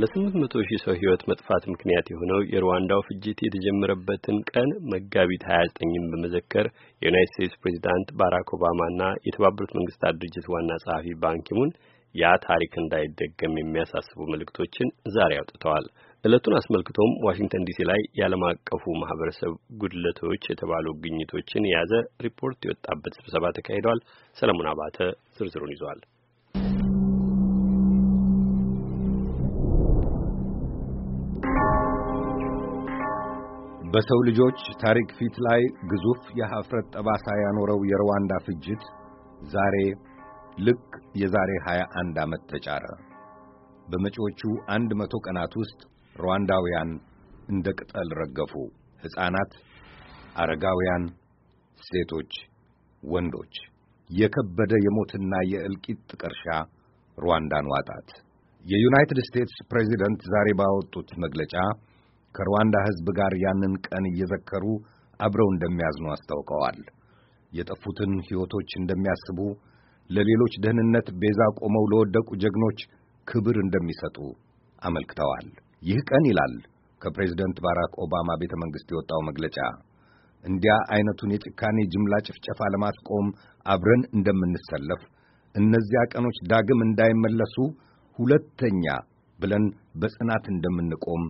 ለስምንት መቶ ሺህ ሰው ህይወት መጥፋት ምክንያት የሆነው የሩዋንዳው ፍጅት የተጀመረበትን ቀን መጋቢት 29ን በመዘከር የዩናይት ስቴትስ ፕሬዚዳንት ባራክ ኦባማና የተባበሩት መንግስታት ድርጅት ዋና ጸሐፊ ባንኪሙን ያ ታሪክ እንዳይደገም የሚያሳስቡ መልእክቶችን ዛሬ አውጥተዋል። እለቱን አስመልክቶም ዋሽንግተን ዲሲ ላይ የዓለም አቀፉ ማህበረሰብ ጉድለቶች የተባሉ ግኝቶችን የያዘ ሪፖርት የወጣበት ስብሰባ ተካሂዷል። ሰለሞን አባተ ዝርዝሩን ይዟል። በሰው ልጆች ታሪክ ፊት ላይ ግዙፍ የሐፍረት ጠባሳ ያኖረው የሩዋንዳ ፍጅት ዛሬ ልክ የዛሬ 21 ዓመት ተጫረ። በመጪዎቹ አንድ መቶ ቀናት ውስጥ ሩዋንዳውያን እንደ ቅጠል ረገፉ። ሕፃናት፣ አረጋውያን፣ ሴቶች፣ ወንዶች የከበደ የሞትና የእልቂት ጥቀርሻ ሩዋንዳን ዋጣት። የዩናይትድ ስቴትስ ፕሬዚደንት ዛሬ ባወጡት መግለጫ ከሩዋንዳ ሕዝብ ጋር ያንን ቀን እየዘከሩ አብረው እንደሚያዝኑ አስታውቀዋል። የጠፉትን ሕይወቶች እንደሚያስቡ ለሌሎች ደህንነት ቤዛ ቆመው ለወደቁ ጀግኖች ክብር እንደሚሰጡ አመልክተዋል። ይህ ቀን ይላል ከፕሬዝደንት ባራክ ኦባማ ቤተ መንግሥት የወጣው መግለጫ እንዲያ አይነቱን የጭካኔ ጅምላ ጭፍጨፋ ለማስቆም አብረን እንደምንሰለፍ እነዚያ ቀኖች ዳግም እንዳይመለሱ ሁለተኛ ብለን በጽናት እንደምንቆም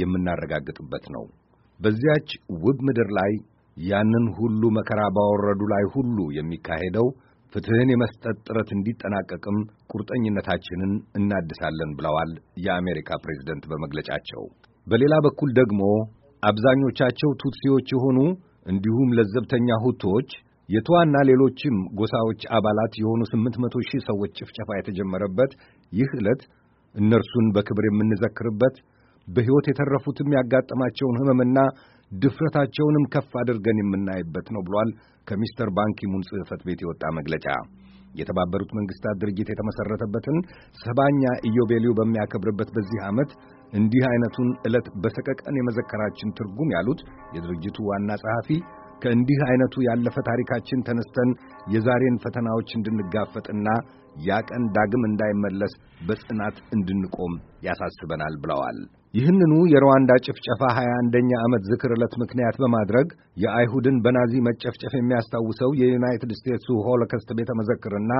የምናረጋግጥበት ነው። በዚያች ውብ ምድር ላይ ያንን ሁሉ መከራ ባወረዱ ላይ ሁሉ የሚካሄደው ፍትህን የመስጠት ጥረት እንዲጠናቀቅም ቁርጠኝነታችንን እናድሳለን ብለዋል የአሜሪካ ፕሬዝደንት በመግለጫቸው። በሌላ በኩል ደግሞ አብዛኞቻቸው ቱትሲዎች የሆኑ እንዲሁም ለዘብተኛ ሁቶዎች የተዋና ሌሎችም ጎሳዎች አባላት የሆኑ ስምንት ሺህ ሰዎች ጭፍጨፋ የተጀመረበት ይህ ዕለት እነርሱን በክብር የምንዘክርበት በሕይወት የተረፉትም ያጋጠማቸውን ሕመምና ድፍረታቸውንም ከፍ አድርገን የምናይበት ነው ብሏል። ከሚስተር ባንኪሙን ጽሕፈት ቤት የወጣ መግለጫ የተባበሩት መንግስታት ድርጅት የተመሠረተበትን ሰባኛ ኢዮቤልዩ በሚያከብርበት በዚህ ዓመት እንዲህ አይነቱን ዕለት በሰቀቀን የመዘከራችን ትርጉም ያሉት የድርጅቱ ዋና ጸሐፊ ከእንዲህ አይነቱ ያለፈ ታሪካችን ተነስተን የዛሬን ፈተናዎች እንድንጋፈጥና ያ ቀን ዳግም እንዳይመለስ በጽናት እንድንቆም ያሳስበናል ብለዋል። ይህንኑ የሩዋንዳ ጭፍጨፋ 21ኛ ዓመት ዝክር ዕለት ምክንያት በማድረግ የአይሁድን በናዚ መጨፍጨፍ የሚያስታውሰው የዩናይትድ ስቴትሱ ሆሎኮስት ቤተ መዘክርና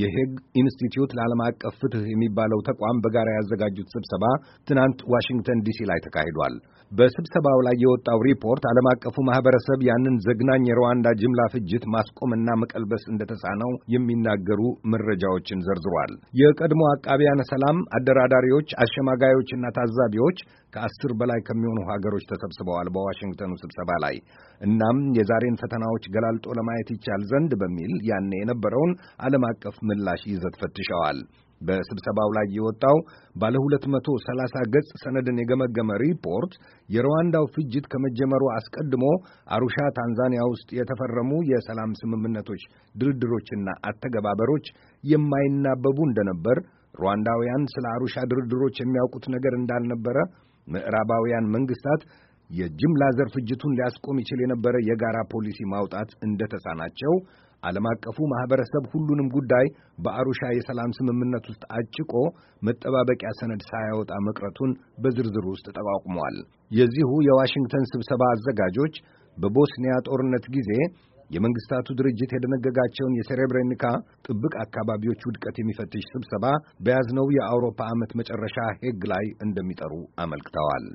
የሄግ ኢንስቲትዩት ለዓለም አቀፍ ፍትሕ የሚባለው ተቋም በጋራ ያዘጋጁት ስብሰባ ትናንት ዋሽንግተን ዲሲ ላይ ተካሂዷል። በስብሰባው ላይ የወጣው ሪፖርት ዓለም አቀፉ ማህበረሰብ ያንን ዘግናኝ የሩዋንዳ ጅምላ ፍጅት ማስቆምና መቀልበስ እንደተሳነው የሚናገሩ መረጃዎች ጉዳዮችን ዘርዝሯል። የቀድሞ አቃቢያነ ሰላም አደራዳሪዎች፣ አሸማጋዮችና ታዛቢዎች ከአስር በላይ ከሚሆኑ ሀገሮች ተሰብስበዋል በዋሽንግተኑ ስብሰባ ላይ። እናም የዛሬን ፈተናዎች ገላልጦ ለማየት ይቻል ዘንድ በሚል ያኔ የነበረውን ዓለም አቀፍ ምላሽ ይዘት ፈትሸዋል። በስብሰባው ላይ የወጣው ባለ 230 ገጽ ሰነድን የገመገመ ሪፖርት የሩዋንዳው ፍጅት ከመጀመሩ አስቀድሞ አሩሻ ታንዛኒያ ውስጥ የተፈረሙ የሰላም ስምምነቶች ድርድሮችና አተገባበሮች የማይናበቡ እንደነበር፣ ሩዋንዳውያን ስለ አሩሻ ድርድሮች የሚያውቁት ነገር እንዳልነበረ፣ ምዕራባውያን መንግስታት የጅምላ ዘር ፍጅቱን ሊያስቆም ይችል የነበረ የጋራ ፖሊሲ ማውጣት እንደተሳናቸው ዓለም አቀፉ ማህበረሰብ ሁሉንም ጉዳይ በአሩሻ የሰላም ስምምነት ውስጥ አጭቆ መጠባበቂያ ሰነድ ሳያወጣ መቅረቱን በዝርዝር ውስጥ ጠቋቁመዋል። የዚሁ የዋሽንግተን ስብሰባ አዘጋጆች በቦስኒያ ጦርነት ጊዜ የመንግስታቱ ድርጅት የደነገጋቸውን የሴሬብሬኒካ ጥብቅ አካባቢዎች ውድቀት የሚፈትሽ ስብሰባ በያዝነው የአውሮፓ ዓመት መጨረሻ ሄግ ላይ እንደሚጠሩ አመልክተዋል።